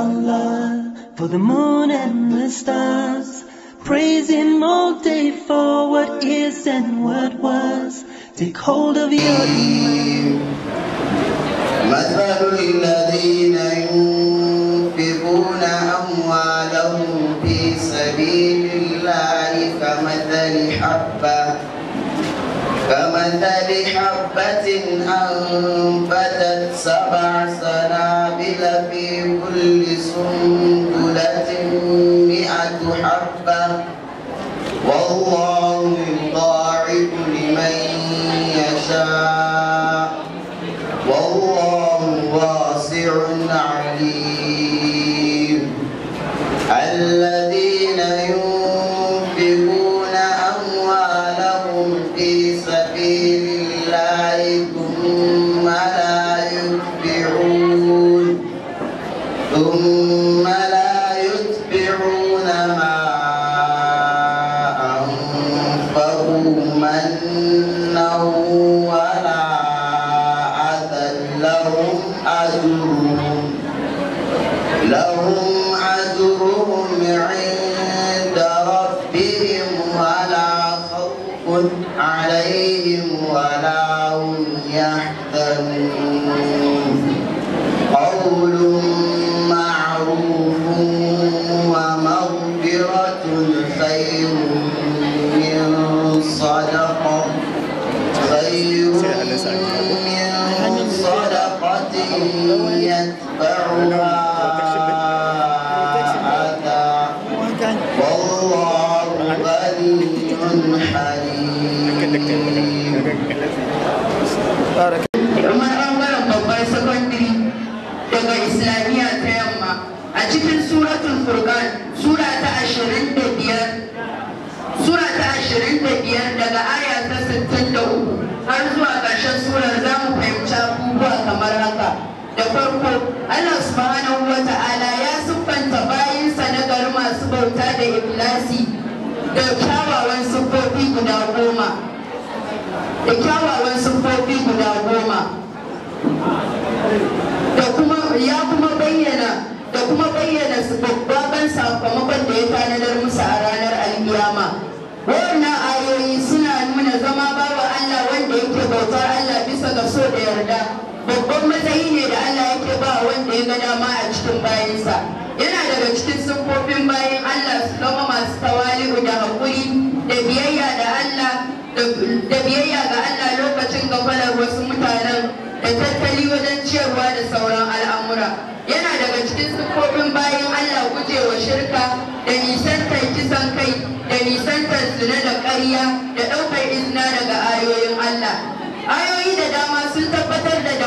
Allah for the moon and the stars. Praising all day for what is and what was. Take hold of your iman. كمثل حبة أنبتت سبع سنابل في كل سنبلة مئة حبة خير من صدقة خير من صدقة يتبعها Allah subhanahu wa ta'ala ya siffanta bayinsa na gari masu bauta da iblasi da kyawawan siffofi guda goma da kyawawan siffofi guda goma da kuma ya kuma bayyana da kuma bayyana babban sakamakon da ya tanadar musu a ranar alkiyama wannan ayoyi suna nuna zama babu Allah wanda yake bautar Allah bisa ga so da yarda babban matsayi ne da Allah yake ba wanda ya ga dama a cikin bayansa yana daga cikin siffofin bayan Allah su zama masu tawali'u da hakuri da biyayya da Allah da biyayya ga Allah lokacin gafalar wasu mutanen da tattali wajen ciyarwa da sauran al'amura yana daga cikin siffofin bayan Allah gujewa shirka da nisantar kisan kai da nisantar zina da ƙarya da ɗaukar izina daga ayoyin Allah ayoyi da dama sun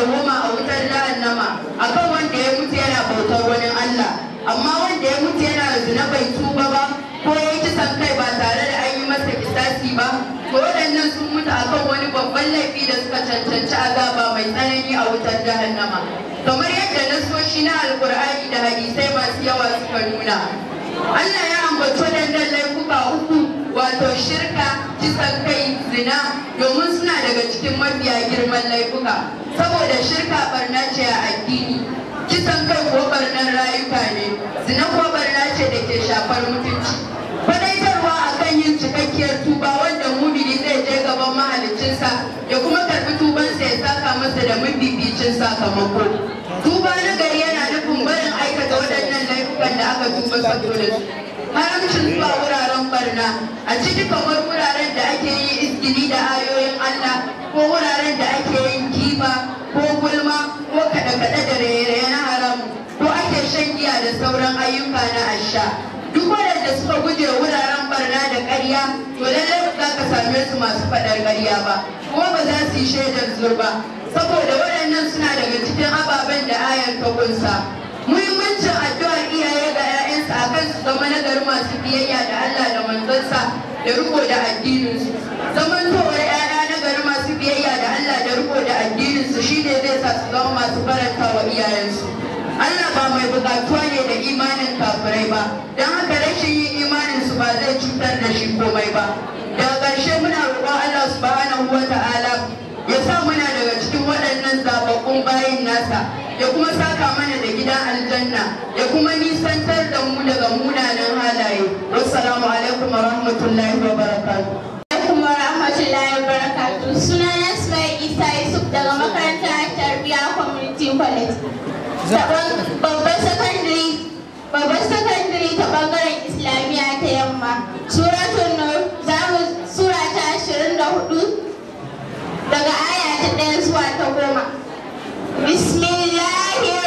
goma a wutar jahannama akan wanda ya mutu yana bautar wani Allah amma wanda ya mutu yana zina bai tuba ba ko ya kisan kai ba tare da an yi masa kisasi ba ko waɗannan sun mutu akan wani babban laifi da suka cancanci azaba mai tsanani a wutar jahannama kamar yadda nasoshi na alkur'ani da hadisai masu yawa suka nuna Allah ya ambaci waɗannan laifuka uku wato shirka kisan kai zina domin suna daga cikin mafiya girman laifuka saboda shirka barna ce a addini kisan kai ko barnar rayuka ne zina ko barna ce da ke shafar mutunci a akan yin cikakkiyar tuba wanda mumini zai je gaban mahalicinsa ya kuma karbi tubansa ya saka masa da mafificin sakamako tuba na gari yana nufin barin aikata waɗannan laifukan da aka tuba saboda haramcin zuwa wuraren barna a ciki kamar wuraren da ake yin iskiri da ayoyin Allah ko wuraren da ake yin kifa ko gulma ko kaɗe-kaɗe da raye-raye na haram ko ake shan giya da sauran ayyuka na asha duk waɗanda suka guje wuraren barna da ƙarya to lallai ba za ka same su masu faɗar ƙarya ba kuma ba za su yi shaidar zurba saboda waɗannan suna daga cikin ababen da ayar ta kunsa muhimmancin addu'a iyaye ga 'ya'yansa a kan su zama nagari masu biyayya da Allah da manzonsa da riko da addininsu zaman zamantowar 'ya'ya nagari masu biyayya da Allah da riko da addininsu shine zai sa su zama masu faranta wa iyayensu Allah ba mai bukatuwa ne da imanin kafirai ba don haka rashin yin imanin su ba zai cutar da shi komai ba daga ƙarshe muna roƙon Allah subhanahu wa ta'ala ya sa muna daga cikin waɗannan zababbun bayin nasa ya kuma saka mana da gida a Da kuma nisan da mu daga munanan halaye wassalamu alaikum wa rahmatullahi wa barakatuh alaikum wa rahmatullahi wa barakatuh sunana Ismail Isa Yusuf daga makaranta Tarbiya Community College babban secondary babban secondary ta bangaren Islamiyya ta yamma suratul nur za zamu sura ta hudu daga aya ɗaya zuwa ta goma. bismillahir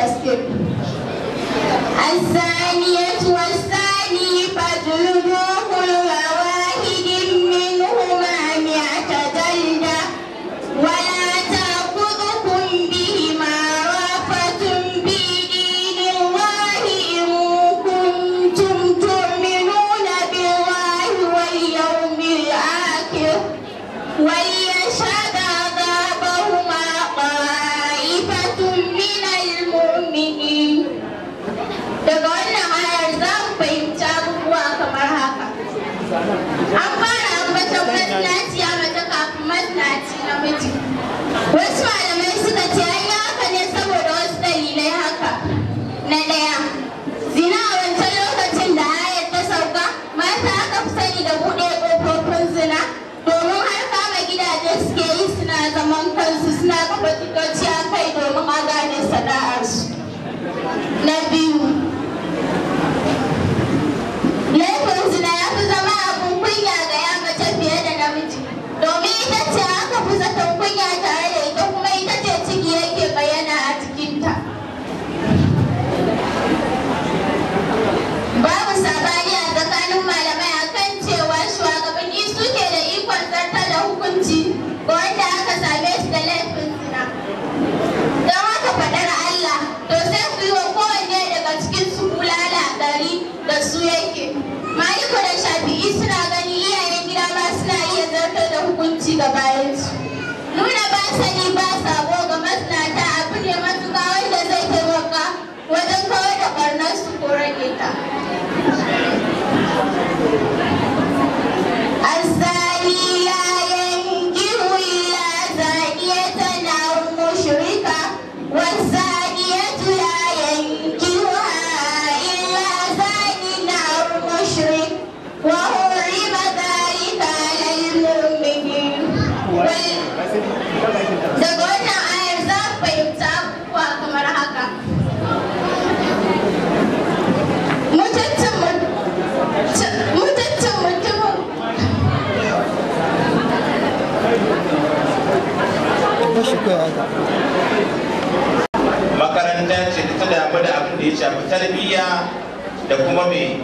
basket. الثانية والثاني فاجلدوه shafi tarbiyya da kuma mai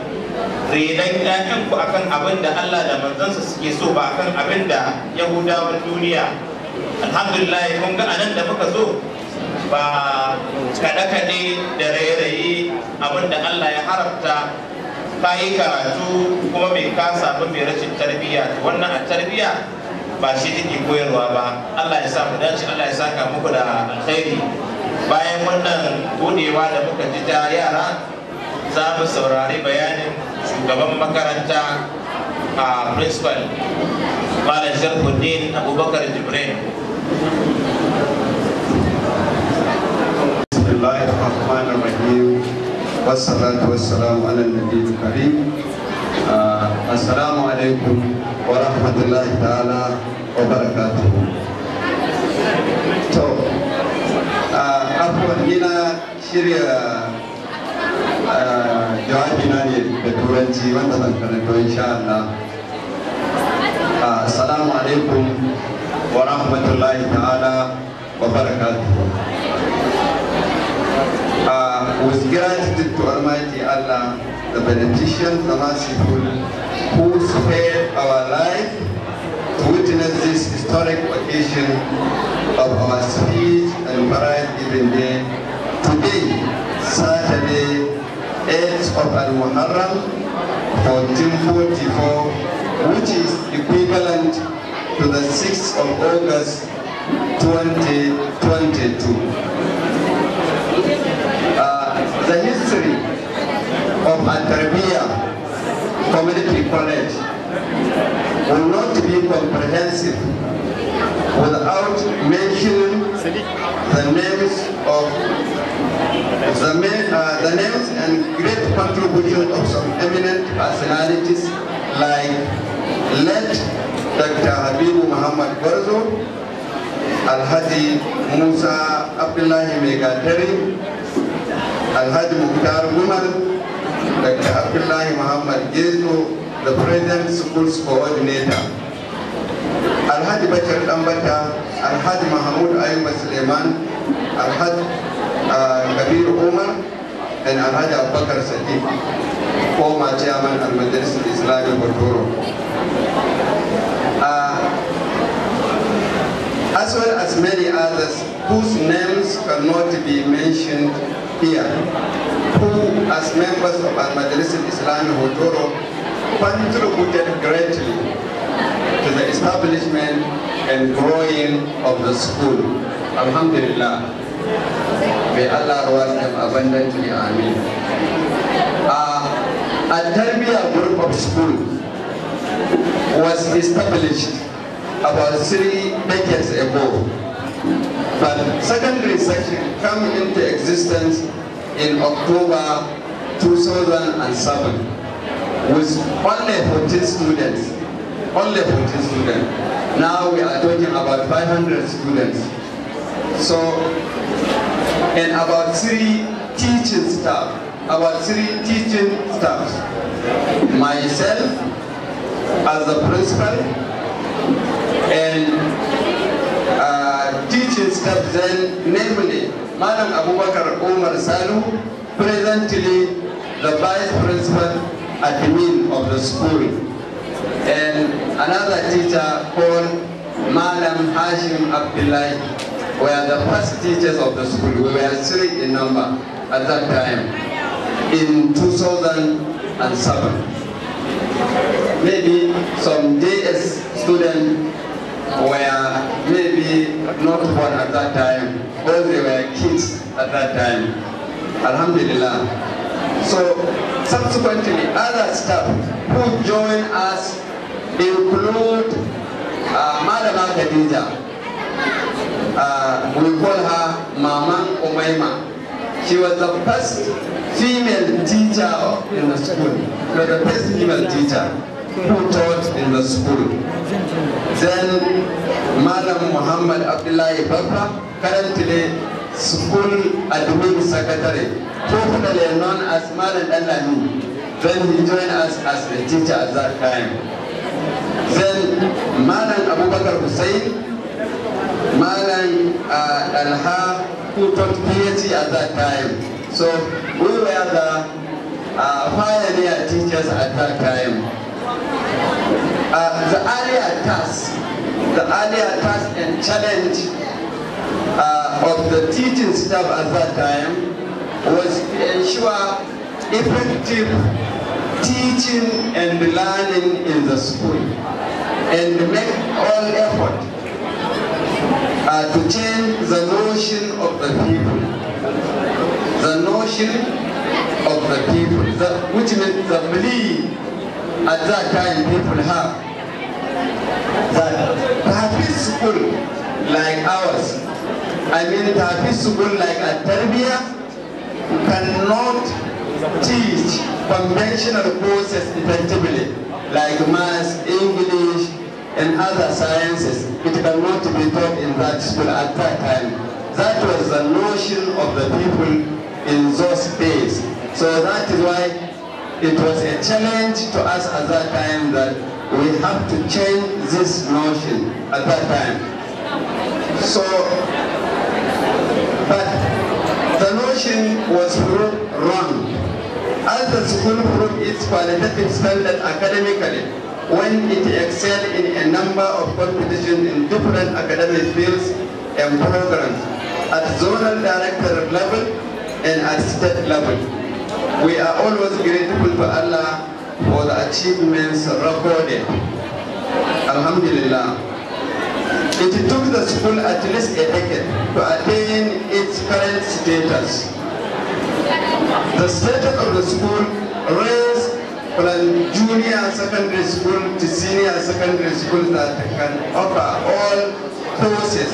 renon ƴaƴanku akan abin da Allah da manzansa suke so ba akan abin da yahudawan duniya alhamdulillah kun ga anan da muka zo ba kaɗe-kaɗe da raye-raye abin da Allah ya haramta ka yi karatu kuma mai kasa ba mai rashin tarbiyya wannan a tarbiyya ba shi take koyarwa ba Allah ya sa mu dace Allah ya saka muku da alkhairi bayan wannan budewa da muka ji ta yara za mu saurari bayanin shugaban makaranta a principal malam sharfuddin abubakar jibrin wassalatu wassalamu ala nabiyil karim assalamu alaikum wa rahmatullahi ta'ala wa barakatuhu kawai shirya uh, jawabi na ne da turanci wanda zan karanta insha Allah uh, assalamu alaikum wa rahmatullahi ta'ala wa barakatuh uh, with gratitude to Almighty Allah the beneficent the merciful who spared our life to witness this historic occasion of our speech and parade giving day today, Saturday, 8th of Al-Muharram, 1444, which is equivalent to the 6th of August, 2022. Uh, the history of Antarabia Community College will not be comprehensive without mentioning the names of the, uh, the names and great contribution of some eminent personalities like late Dr. Habibu Muhammad Barzo, Al-Hadi Musa Abdullahi Megatari, Al-Hadi Mukhtar Umar, Dr. Abdullahi Muhammad Gezo, the present school's coordinator, Al Alhaji Bachar Al Alhaji Mahmoud Ayuba Suleiman, Al uh, Kabir Umar, and Alhaji Abubakar Sadiq, former chairman of Madras of Botoro. Uh, as well as many others whose names cannot be mentioned here, who as members of al Islam of Botoro contributed greatly to the establishment and growing of the school. Alhamdulillah. May Allah reward them abundantly. Ameen. Uh, ah, a Tarbiyah group of school was established about three decades ago. But secondary section came into existence in October 2007 with only 14 students. Only 14 students. Now we are talking about 500 students. So, and about three teaching staff, about three teaching staff. Myself as the principal and uh, teaching staff then namely Madam Abubakar Omar Salu, presently the vice principal admin of the school. And another teacher called Malam Hashim Abdullahi were the first teachers of the school. We were three in number at that time in 2007. Maybe some DS students were maybe not born at that time, but they were kids at that time. Alhamdulillah. So subsequently, other staff who join us include uh, Madam Khadija. Uh, we call her Mama Omaima. She was the first female teacher in the school. She was the first female teacher who taught in the school. Then Madam Muhammad Abdullahi Bakra, currently school admin secretary, popularly known as Malan Alami. Then he joined us as a teacher at that time. Then Malan Abubakar Hussein, Malan uh, Alha, who taught PhD at that time. So we were the uh, pioneer teachers at that time. Uh, the earlier task, the earlier task and challenge uh, of the teaching staff at that time was to ensure effective teaching and learning in the school and make all effort uh, to change the notion of the people. The notion of the people, the, which means the belief at that time people have that private school like ours. I mean, Tafi school like a Tarbiya cannot teach conventional courses effectively, like math, English, and other sciences. It cannot be taught in that school at that time. That was the notion of the people in those days. So that is why it was a challenge to us at that time that we have to change this notion at that time. So, but the notion was wrong. As the school proved its qualitative standard academically, when it excelled in a number of competitions in different academic fields and programs, at zonal director level and at state level. We are always grateful to Allah for the achievements recorded. Alhamdulillah. It took the school at least a decade to attain its current status. The status of the school raised from junior secondary school to senior secondary school that can offer all courses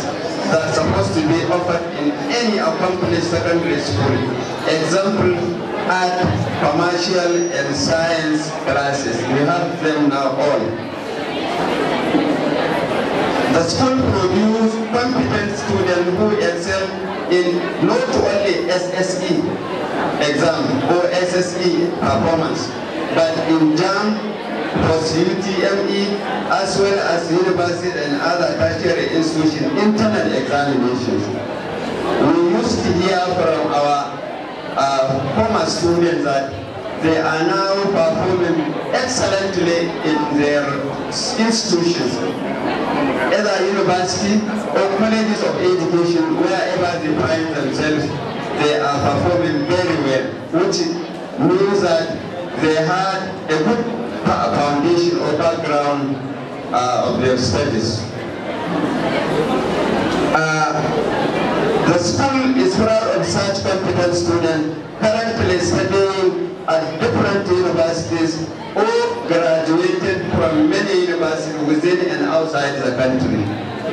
that are supposed to be offered in any accomplished secondary school. Example, art, commercial, and science classes. We have them now all. The school produces competent students who excel in not only SSE exam or SSE performance, but in JAM, post-UTME, as well as university and other tertiary institution internal examinations. We used to hear from our uh, former students that they are now performing excellently in their institutions, either university or colleges of education, wherever they find themselves, they are performing very well, which means that they had a good foundation or background uh, of their studies. The school is proud of such competent students currently studying at different universities or graduated from many universities within and outside the country.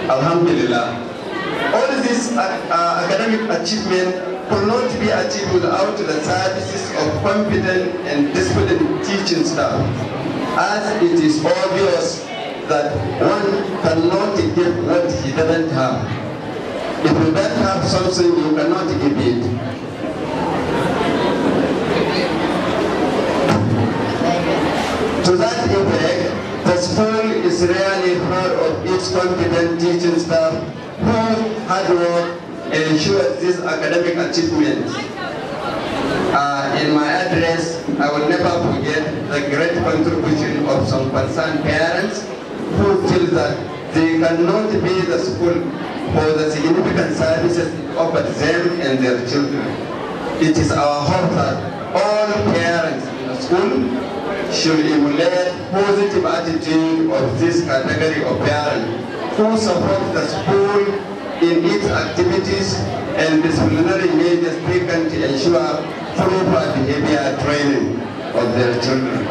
Alhamdulillah. All these uh, uh, academic achievements could not be achieved without the services of competent and disciplined teaching staff, as it is obvious that one cannot give what he doesn't have. If you don't have something, you cannot give it. To that effect, the school is really proud of its competent teaching staff who hard work ensures this academic achievement. Uh, in my address, I will never forget the great contribution of some concerned parents who feel that they cannot be the school for the significant services offered them and their children. It is our hope that all parents in school should emulate positive attitude of this category of parents who support the school in its activities and disciplinary measures taken to ensure proper behavior training of their children.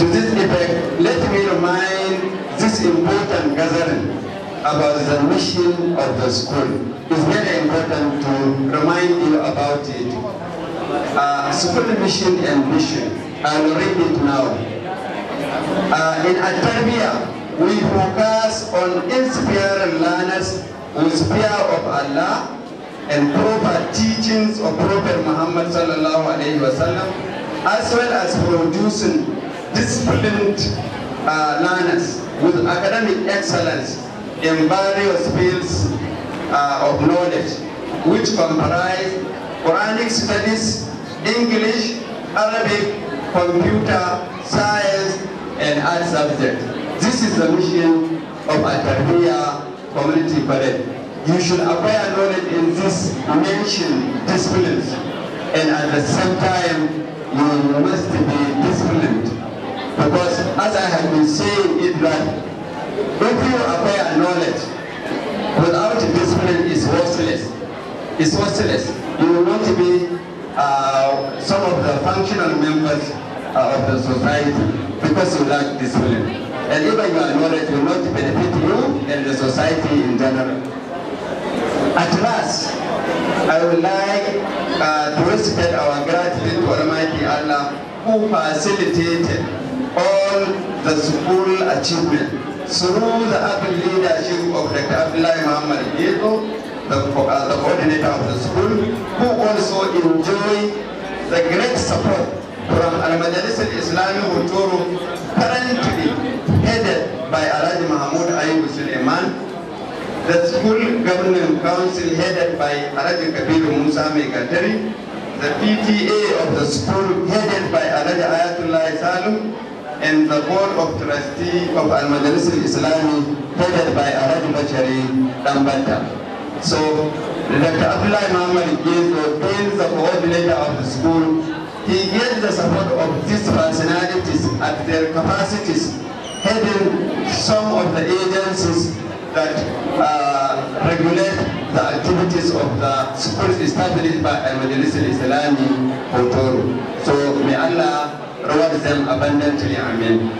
To this effect, let me remind this important gathering about the mission of the school. It's very important to remind you about it. Uh, school mission and mission. I'll read it now. Uh, in Atarbia, we focus on inspiring learners with fear of Allah and proper teachings of Prophet Muhammad sallallahu alaihi wasallam, as well as producing disciplined uh, learners with academic excellence in various fields uh, of knowledge, which comprise Quranic studies, English, Arabic, computer, science, and art subjects. This is the mission of Atapia Community College. You should acquire knowledge in these mentioned disciplines, and at the same time, you must be disciplined. Because as I have been saying, it that if you acquire knowledge without discipline is worthless. It's worthless. You will not be uh, some of the functional members uh, of the society because you lack discipline. And even your knowledge will not benefit you and the society in general. At last, I would like uh, to respect our gratitude to Almighty Allah who facilitated all the school achievement through the active leadership of Dr. Abdullahi Muhammad Diego, the, uh, the coordinator of the school, who also enjoy the great support from Al-Majalis al-Islami currently headed by Alhaji Mahmoud Ayub Suleiman, the school government council headed by Alhaji Kabir Musa Megatari, the PTA of the school headed by Alhaji Ayatollah Salum, in the Board of Trustees of Al-Madaris al-Islami headed by Ahmad Bachari Dambata. So Dr. Abdullah Muhammad Gezo being the coordinator of the school, he gets the support of these personalities at their capacities, heading some of the agencies that uh, regulate the activities of the schools established by Al-Madaris al-Islami Kotoro. So may Allah reward them abundantly. Amen.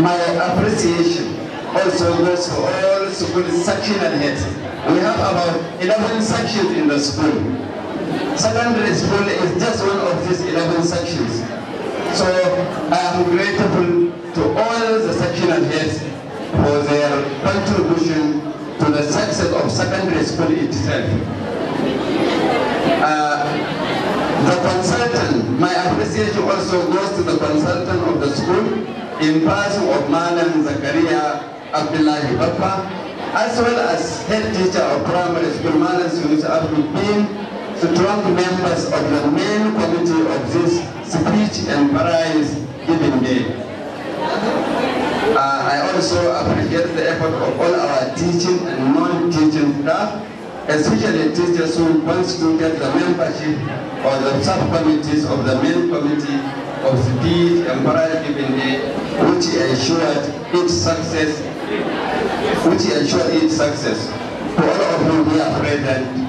My appreciation also goes to all school section heads. We have about 11 sections in the school. Secondary school is just one of these 11 sections. So I am grateful to all the sectional heads for their contribution to the success of secondary school itself. Uh, the consultant, my appreciation also goes to the consultant of the school in person of Malam Zakaria Abdullahi Bappa, as well as head teacher of primary school Malam has Abdul strong members of the main committee of this speech and prize giving day. Uh, I also appreciate the effort of all our teaching and non-teaching staff especially teachers who want to get the membership or the sub committees of the main committee of speech and variety day, which ensured its success, which ensured its success. To all of whom here present,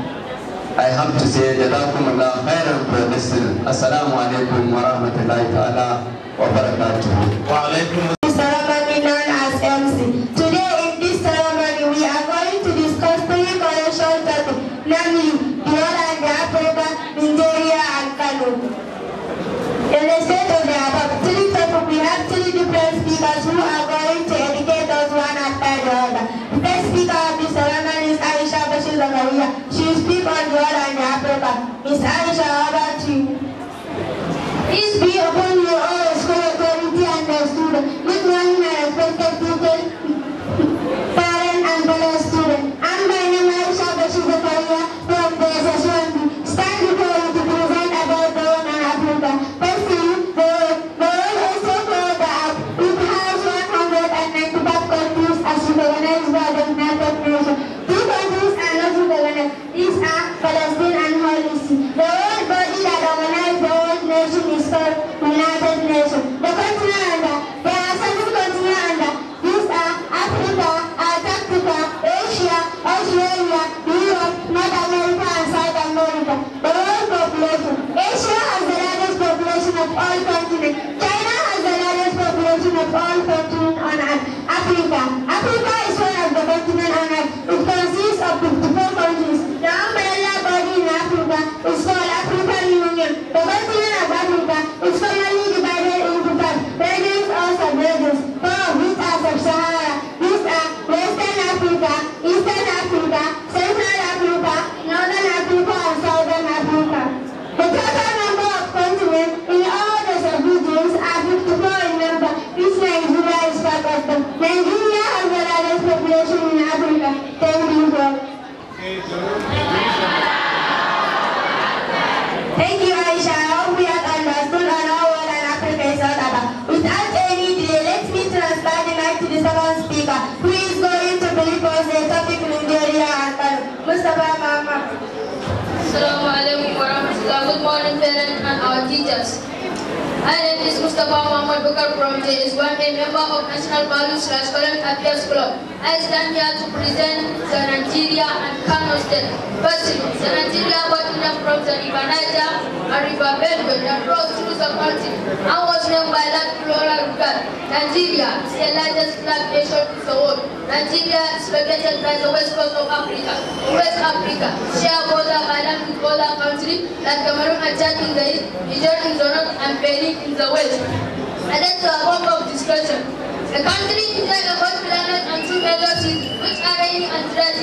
I have to say, Jadakumullah khairan for listening. Assalamu alaikum wa rahmatullahi ta'ala wa barakatuhu. in Zorot and Beni in the West, and then to a form of discretion. The country enjoys a hot climate and two major seasons, which are rainy and dry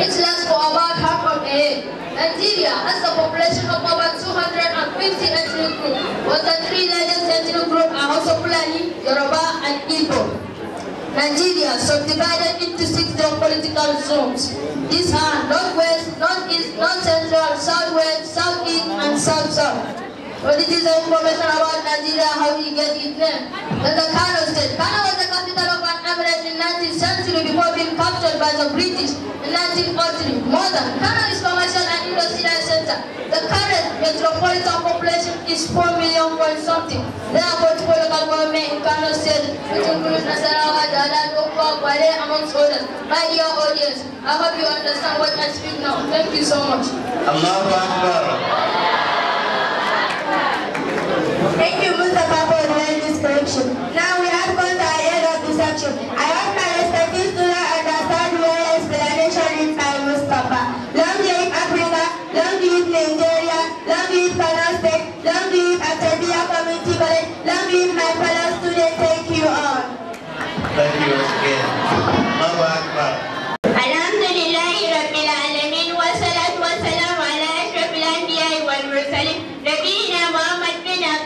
which lasts for about half of a year. Nigeria has a population of over 250 ethnic groups, but the three largest ethnic groups are also Fulani, Yoruba, and Igbo. Nigeria is subdivided into six geopolitical zones. These are northwest, northeast, north central, southwest, southeast, and south south. What did he say about Nigeria, how we get it, name? Then the Kano said, Kano was the capital of an emirate in 19th before being captured by the British in 1943. Modern Kano is commercial and industrial center. The current metropolitan population is 4 million point something. There are multiple local government in Kano state, which includes Nasarawa, Dada, Dokwa, Wale, amongst others. My dear audience, I hope you understand what I speak now. Thank you so much. Allahu Akbar. Thank you, Mustafa, for for this correction. Now we have gone to the end of this section. I hope my respected students understand where explanation is by Mustafa. Long live Africa, long live Nigeria, long live Kano State, long live Academia Community College, long live my fellow students. Thank you all. Thank you once again. Allah Akbar. Alhamdulillah, Rabbil Alameen, wa salatu wa salam ala ashrafil anbiya wal mursalin.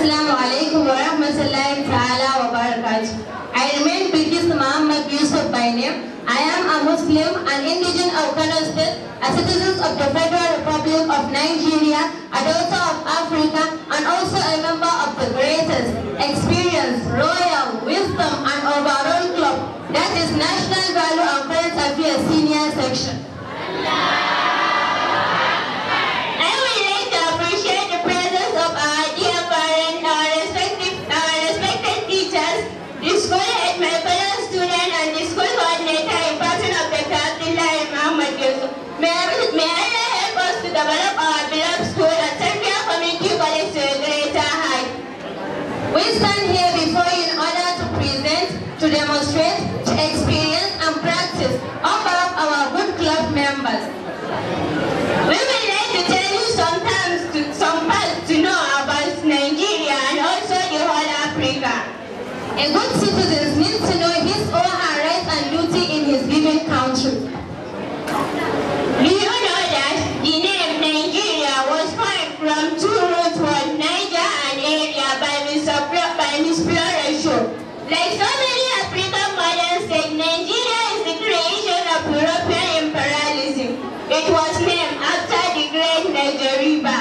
Assalamu alaikum wa rahmatullahi ta'ala wa barakatuh. I remain Bilkis Muhammad Yusuf by name. I am a Muslim, an indigenous of Kano State, a citizen of the Federal Republic of Nigeria, a daughter of Africa, and also a member of the greatest, experience, royal, wisdom, and overall club. That is National Value and Current Affairs Senior Section. Allah. A good citizen needs to know his or her rights and duty in his given country. Do you know that the name Nigeria was formed from two roots, words, Niger and area, by By misfloration? Like so many African modern said, Nigeria is the creation of European imperialism. It was named after the great Niger River.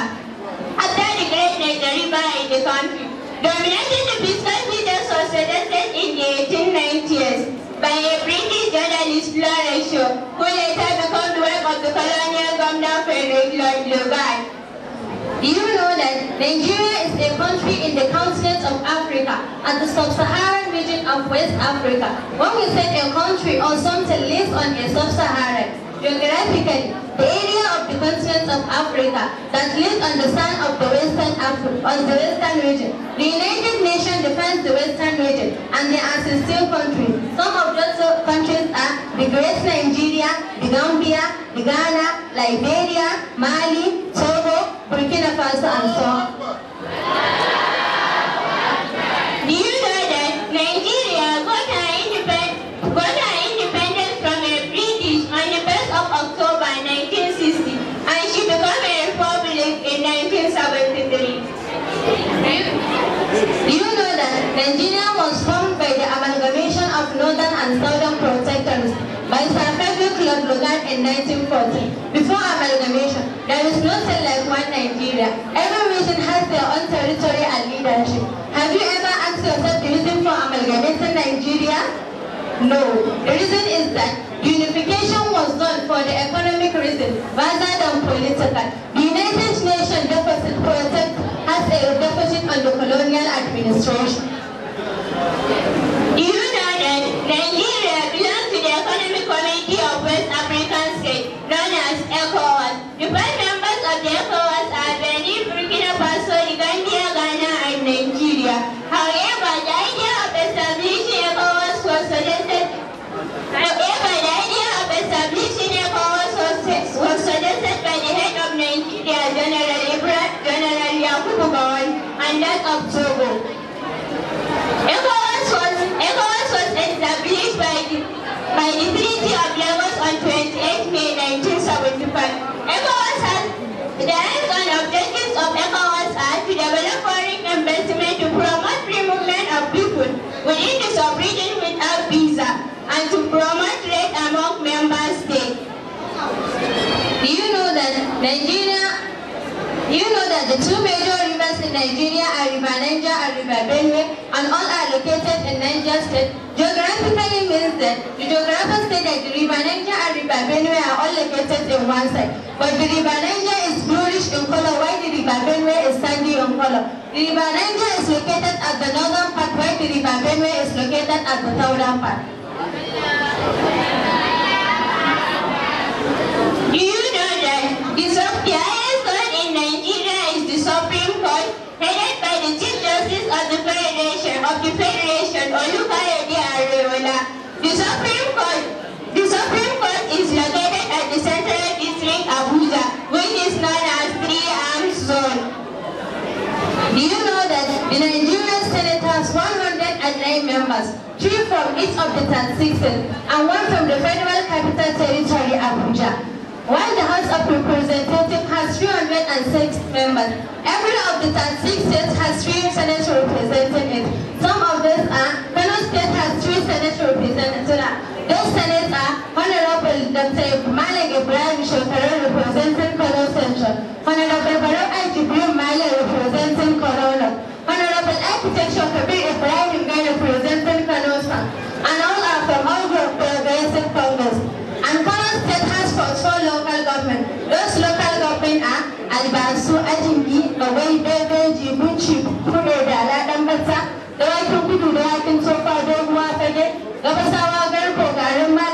After the great Niger River in the country, dominating the business was arrested in the 1890s by a British journalist, Lawrence Shaw, who later became the wife of the colonial governor, Frederick Lloyd Lugard. Do you know that Nigeria is a country in the continent of Africa and the sub-Saharan region of West Africa? When we say a country or something lives on a sub-Saharan, Geographically, the area of the continent of Africa that lies on the of the Western Afri on the Western region. The United Nations defines the Western region and there are 16 countries. Some of those countries are the Great Nigeria, the Gambia, the Ghana, Liberia, Mali, Togo, Burkina Faso and so on. Rangina was formed by the amalgamation of northern and southern protectors by Sir Frederick Lord Lugard in 1940. Before amalgamation, there is no state like one Nigeria. Every region has their own territory and leadership. Have you ever asked yourself the reason for amalgamating Nigeria? No. The reason is that unification was done for the economic reason rather than political. The United Nations deficit project has a deficit on the colonial administration. Nigeria belongs to the Economic Community of West African States, known as ECOWAS. The five members of the ECOWAS are Benin, Burkina Faso, Uganda, Ghana, and Nigeria. However, the idea of establishing ECOWAS was suggested However, the idea of establishing ECOWAS was was suggested by the head of Nigeria, General Ibrahim General Yakubu Gowon, and that of Joe an infinity of Lagos on 28 May 1975. ECOWAS has, the aims and objectives of ECOWAS are to develop foreign investment to promote free movement of people within the sub-region without visa and to promote trade among member states. Do you know that Nigeria you know that the two major rivers in Nigeria are River Niger and River Benue, and all are located in Niger State. Geographically means that the geographers say that the River Niger and River Benue are all located in one side. But the River Niger is bluish in color, while the River Benue is sandy in color. The River Niger is located at the northern part, while the River Benue is located at the southern part. Do you know that the Sophia employed, headed by the Chief Justice of the Federation of the Federation, Olufayede Areola. The Supreme Court, the Supreme Court is located at the Central District, Abuja, which is known as Three Arms Zone. Do you know that the Nigerian Senate has 109 members, three from each of the 36 and one from the Federal Capital Territory, Abuja? While the House of Representatives has 306 members, every of the 36 states has three senators representing it. Some of these are, Kano State has three senators representing it. Those senators are Honorable Dr. Malik Ibrahim Shokaro representing Kano Central, Honorable Barak Ajibril Malik representing Corona, Honorable Architect Shokabir Ibrahim Gai representing Kano South, and albasu ajingi wai ɗaiɗai jibunci kuɗe da alaɗan batsa da wakin gudu da wakin tsofa doguwa fage gabasawa garko garin ma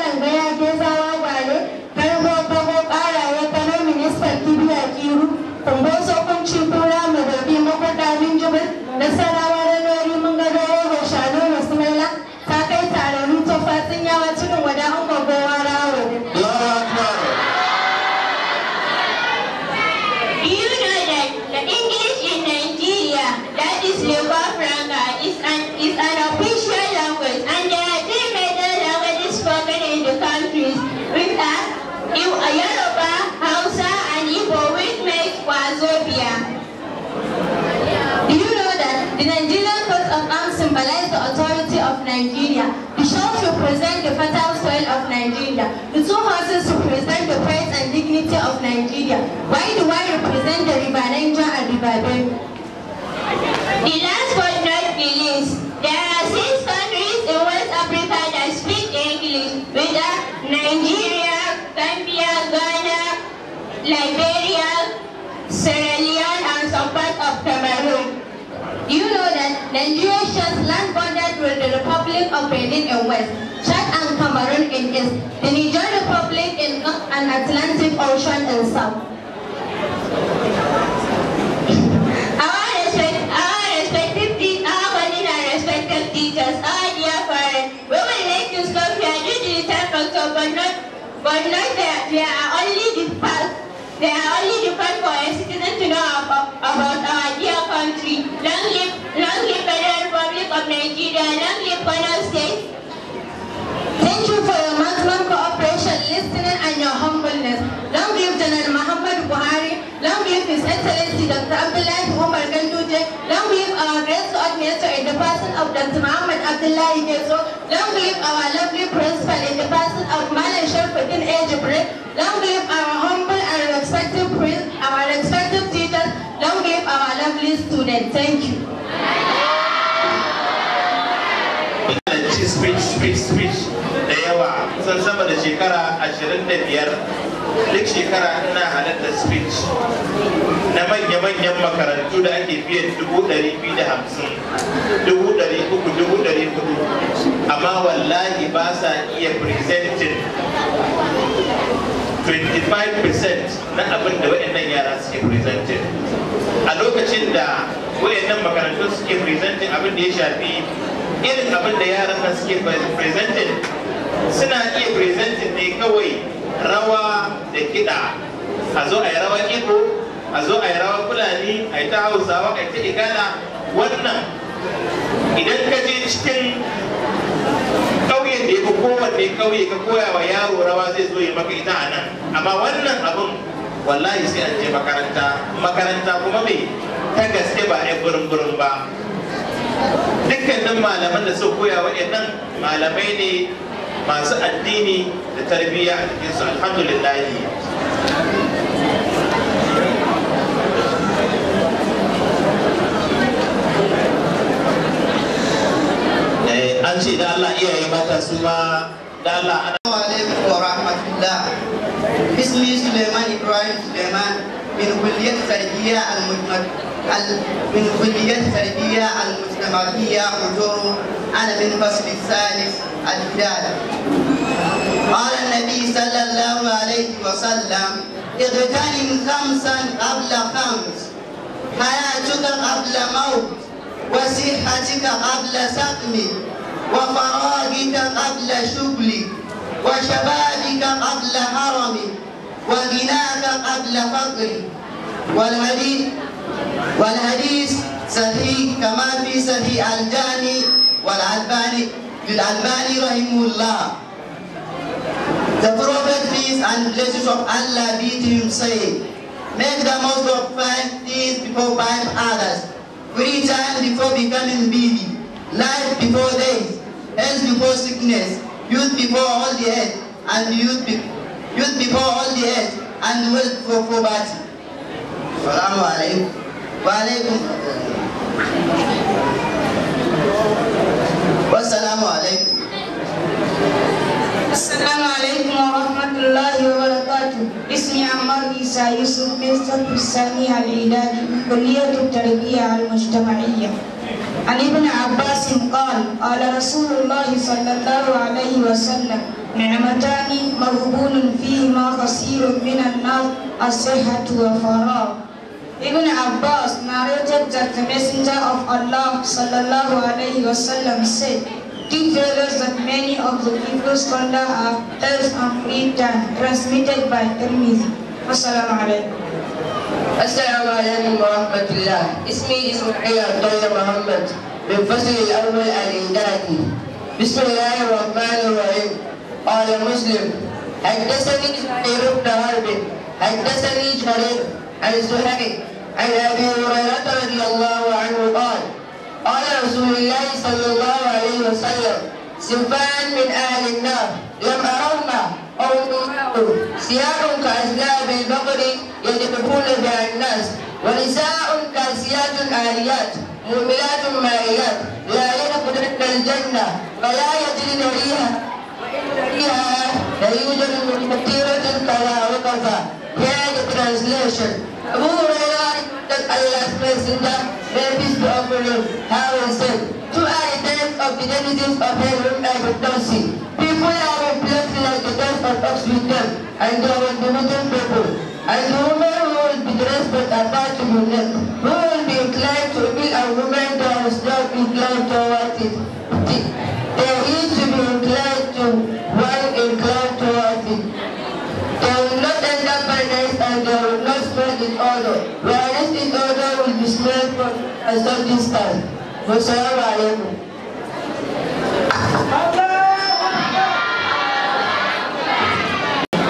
Nigeria. The two houses represent the pride and dignity of Nigeria, Why do I represent the River Niger and River Benue. The last but not the least, there are six countries in West Africa that speak English, with Nigeria, Gambia, Ghana, Liberia, Sierra Leone, and some part of Cameroon. You know that Nigeria shares land borders with the Republic of Benin and West. Chad and Cameroon in East, the Niger Republic in North and Atlantic Ocean in South. our, respect, our respective our teachers, our oh, dear parents, we but not, but not are only the past, are only the for a citizen to know about, about our dear country. Long live, long live Federal Republic of Nigeria, long live Colonel State, Long live His Excellency the Dr. Abdullahi Umar Ganduje. Long live our grateful administrator in the person of Dr. Muhammad Abdullah Nezo. Long live our lovely principal in the person of Malaysia Sharfuddin A. Long live our humble and respected prince, our respected teachers. Long live our lovely students. Thank you. Speech, speech, speech. yawa kusan sama da shekara 25 duk shekara ina halatta speech na manya-manyan makarantu da ake fiye 250 300 amma wallahi ba sa iya presenting 25% na abin da waɗannan yara suke presenting a lokacin da waɗannan makarantu suke presenting abin da ya shafi irin abin da yaran suke presenting suna iya presentin ne kawai rawa da kiɗa a zo a yi rawa iko a zo a yi rawa fulani a yi ta hausawa a yi ta igala wannan idan ka je cikin ƙauyen da ya fi kowanne ƙauye ka koya wa yaro rawa zai zo ya maka ita a nan amma wannan abin wallahi sai an je makaranta makaranta kuma mai ta gaske ba ya burin ba dukkanin malaman da suka koya waɗannan malamai ne masu addini da tarbiyya a cikinsu alhamdulillah an ce da Allah iyaye mata su ma da Allah ana wa alaikum wa rahmatullah bismi Suleiman Ibrahim Suleiman min kulliyat sarjiya al-mujmal من كلية التربية المجتمعية حضور أنا من الفصل الثالث الهلال قال النبي صلى الله عليه وسلم اغتنم خمسا قبل خمس حياتك قبل موت وصحتك قبل سقم وفراغك قبل شغلك وشبابك قبل هرمك وغناك قبل فقر والحديث والحديث صحيح كما في صحيح الجاني والألباني للألباني رحمه الله The prophet peace and blessings of Allah be to him say Make the most of five things before five others. Free time before becoming baby Life before days Health before sickness. Youth before all the head And youth, be youth before all the head And wealth before poverty. Salaamu alaikum. وعليكم والسلام عليكم السلام عليكم ورحمة الله وبركاته اسمي عمار عيسى يوسف من الصف الثاني الإعدادي كلية التربية المجتمعية عن ابن عباس قال قال رسول الله صلى الله عليه وسلم نعمتان مغبون فيهما قصير من النار الصحة وفراغ Ibn Abbas narrated that the Messenger of Allah sallallahu alaihi wasallam said, Two brothers that many of the people's scholar have heard and written, transmitted by Tirmidhi. Assalamu alaikum. السلام عليكم ورحمة الله اسمي إسماعيل عبد الله محمد من فصل الأول الإنادي بسم الله الرحمن الرحيم قال مسلم حدثني إسماعيل بن حرب حدثني شريف عن زهير عن ابي هريره رضي الله عنه قال قال رسول الله صلى الله عليه وسلم صنفان من اهل النار لم ارهما او سياح كازلاب البقر يدبحون بها الناس ونساء كاسيات عاريات مؤمنات مائلات لا يدخلن الجنه فلا يجدن ريحا the usual translation. Abu Hurairah that Allah's Messenger, may peace be upon him, said, Two days of the denizens of heaven and the People are in place like the death of ox with them, and they will be people. And the woman who will be dressed but attached to her neck, who will be inclined to be a woman that is not inclined towards it you They will not enter by night and they will not spread in order. Whereas in order will be smelled from a short distance. Wassalamu alaikum.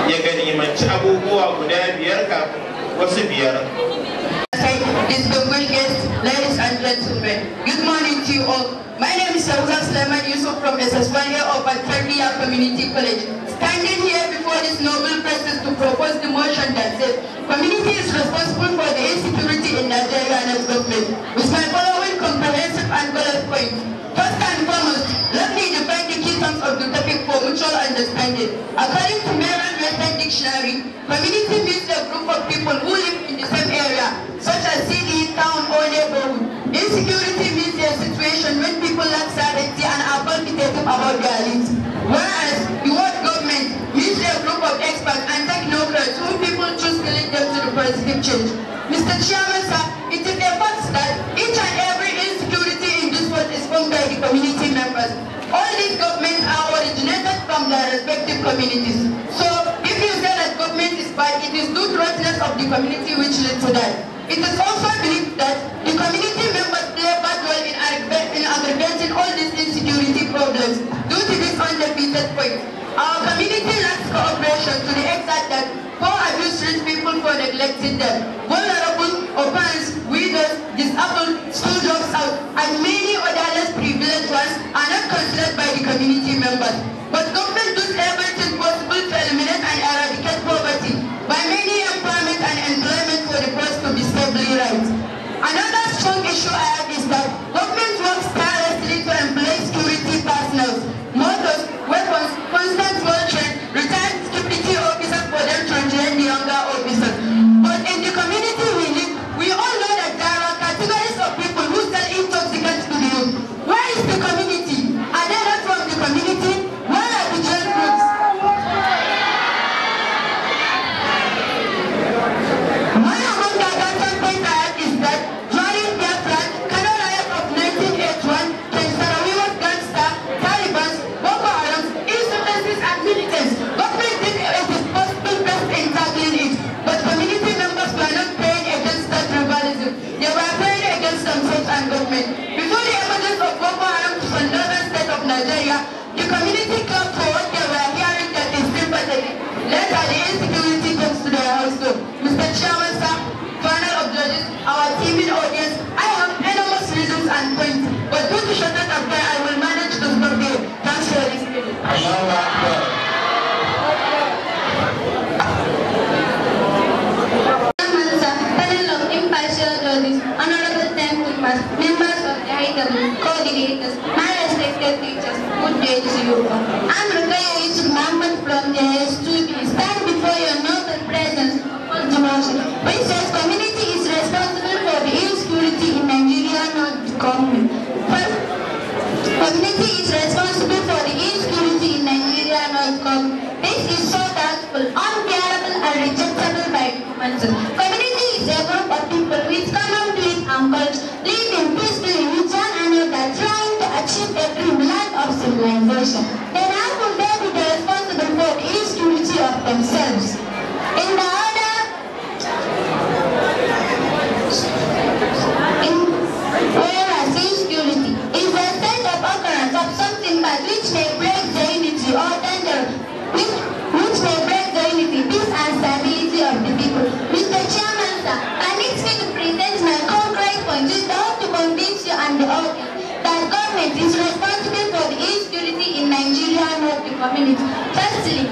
ya ganimanci abubuwa guda ladies and gentlemen, all. My name is Shahuzan Sulaiman Yusuf from SS1 of Alfredia Community College. Standing here before this noble press to propose the motion that says community is responsible for the insecurity in Nigeria and its government. With my following comprehensive and bullet points. First and foremost, let me define the key terms of the topic for mutual understanding. According to Merriam Webster Dictionary, community means a group of people who live in the same area, such as city, town, or neighborhood. Insecurity means their situation when people lack certainty and are palpitative about their lives. Whereas the world government meets a group of experts and technocrats who people choose to lead them to the positive change. Mr. Chairman, sir, it is a fact that each and every insecurity in this world is formed by the community members. All these governments are originated from their respective communities. So if you say that government is bad, it is due to of the community which leads to that. It is also believed that the community members play a part role in, aggravating all these insecurity problems due to this undefeated point. Our community lacks cooperation to the extent that poor abuse rich people for neglecting them, vulnerable orphans, parents, widows, disabled, school drops out, and many other less privileged ones are not considered by the community members. But government does everything possible to eliminate and eradicate poverty by many parents. Another strong issue I have is that government works tirelessly to employ security personnel, motors, weapons, constant world trade, retired security officers for them to train the younger minutes. Firstly,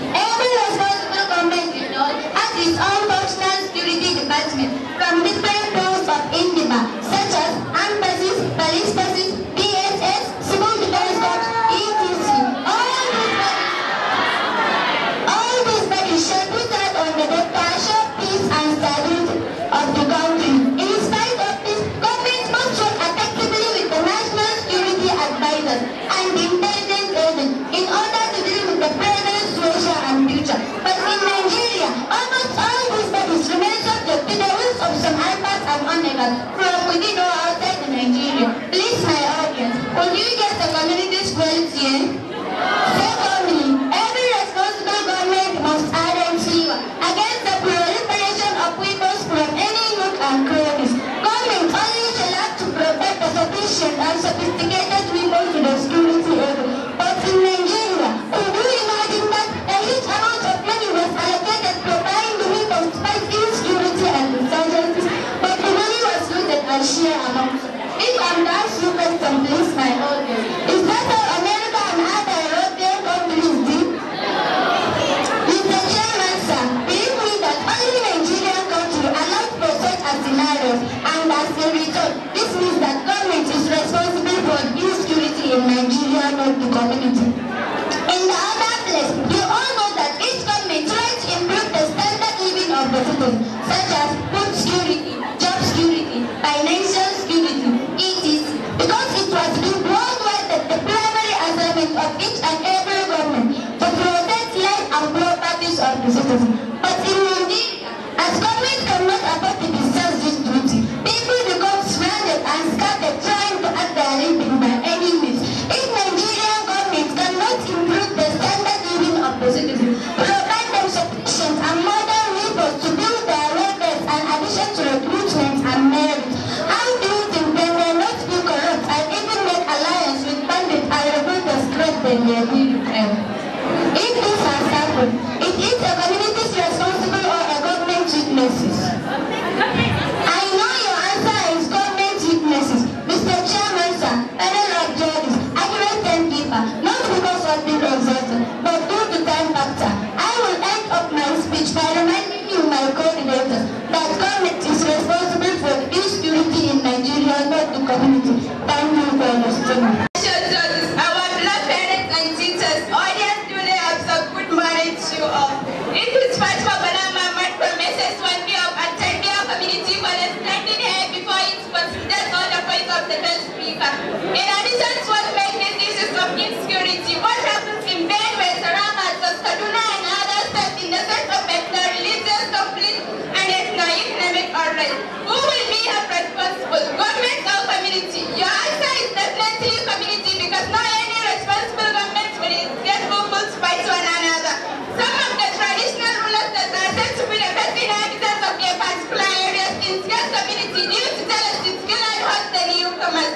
customers.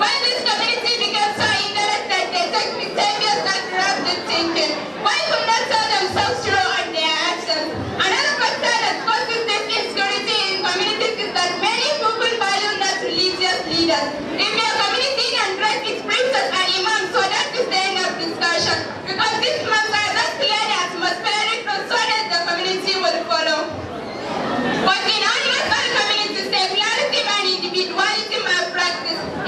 When this community becomes so interested, they take ten years to grab the thinking. Why could not tell themselves true on their actions? Another factor that causes this insecurity in communities is that many people value not religious leaders. If your community can dress its priestess and imam, so that is the end of discussion. Because this months are not clear as prosperity from so that the community will follow. But in our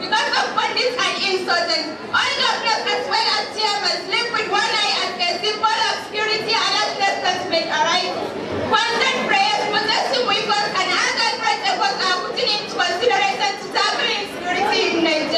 because of bandits and insurgents. All governors as well as chairmen sleep with one eye and a symbol of security and alertness may arise. Constant prayers, possessive weapons, and other great efforts are uh, put into consideration to tackle insecurity in Nigeria.